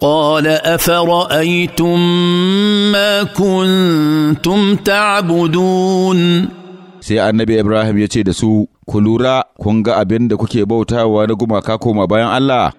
قال افرايتم ما كنتم تعبدون sai annabi ibrahim ya ce da su ku lura kun ga abin da kuke bautawa na gumaka koma bayan allah